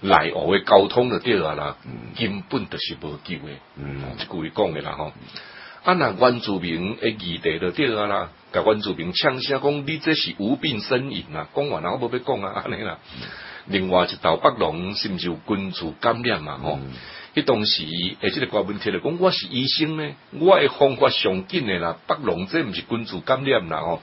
內河的交通著對啊啦，根、嗯嗯、本就是無救，一、嗯嗯、句講嘅啦吼。啊，若原住民誒，議題著對啊啦，甲原住民嗆聲講，你這是無病呻吟啊！講完啊，我冇要講啊，安尼啦。嗯嗯另外一頭北農，是毋是有菌株感染啊吼，迄、嗯、當、嗯、時誒，這個怪問題就講，我是醫生呢，我嘅方法上緊嘅啦，北農這毋是菌株感染啦，吼、喔。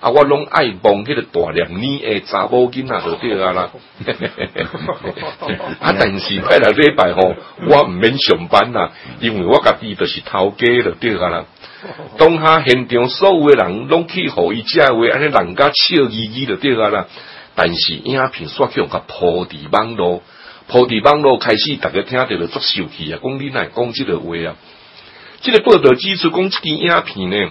啊！我攏愛幫迄個大娘、女、查某囝仔着啲啊啦。 啊！但是拜六禮拜，我毋免上班啦，因為我家己着是頭家着啲啊啦。 當下現場所有誒人攏去，互伊何誒話安尼，人家笑嘻嘻着啲啊啦。但是影片煞強，甲破地網絡，破地網絡開始逐個聽着着足受氣啊！講你若講即個話啊，即、這個報道記講即啲影片呢？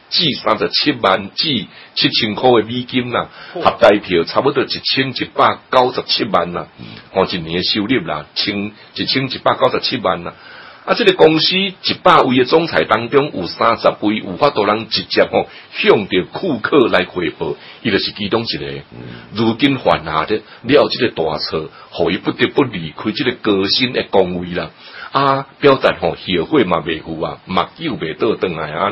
至三十七萬至七千個的美金啦，啊，合大票差不多一千一百九十七萬，啊，啦，一年的收入啦，千一千一百九十七萬，啊，啦。啊，這個，公司一百位嘅總裁當中有有三十位有法度直接向着顧客來匯報，呢個是其中一個。如今犯下啲了，呢個大錯，互伊不得不離開呢個高薪嘅崗位啦。啊，表達哦，後悔嘛未赴，啊，乜未到返安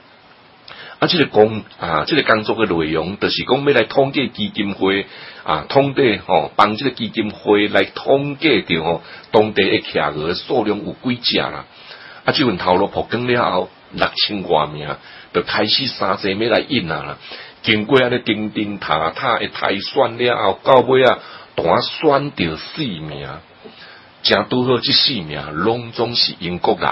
啊！即、這個啊這個工啊！即工作誒內容，著是講要來統計基金會啊，通啲吼幫即個基金會來統計調吼當地誒企鵝數量有幾隻啦？啊！即份頭路曝光了後，六千偌名，著開始三隻咩嚟引啦。過過啲叮叮塔塔誒篩選了後，到尾啊，單選到四名，正拄好，即四名，攏總是英國人。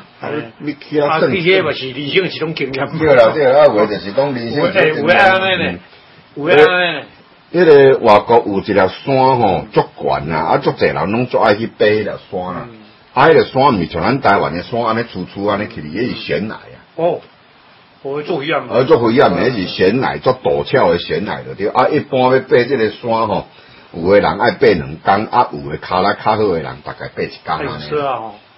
啊，個，山、欸欸、外國有一條山吼，足懸呐，啊，足濟人攏最愛去爬迄條山呐。啊，迄個，山咪像咱台灣嘅山安尼，粗粗安尼去，伊是懸崖呀。哦，做一樣。我做一樣，咪是懸崖，做陡峭嘅懸崖咯。就是、對，啊，一般要爬這個山吼，有個人愛爬兩工，啊，有嘅腳力較好嘅人，大概爬一工安尼。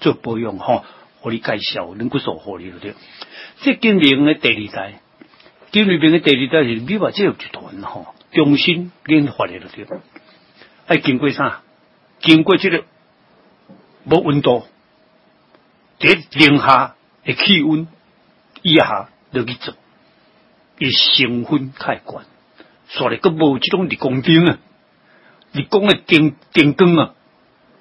做保養吼，互、哦、你介紹，能夠做互你了？着即見面嘅第二代，見面嘅第二代係咪話即有一團吼，重新研發嘅着得，愛經過啥？經過即、這個，無溫度，佇、這、零、個、下嘅氣溫以下着去做，伊成分太懸，所以佮無即種熱光燈啊，熱光誒電電光啊。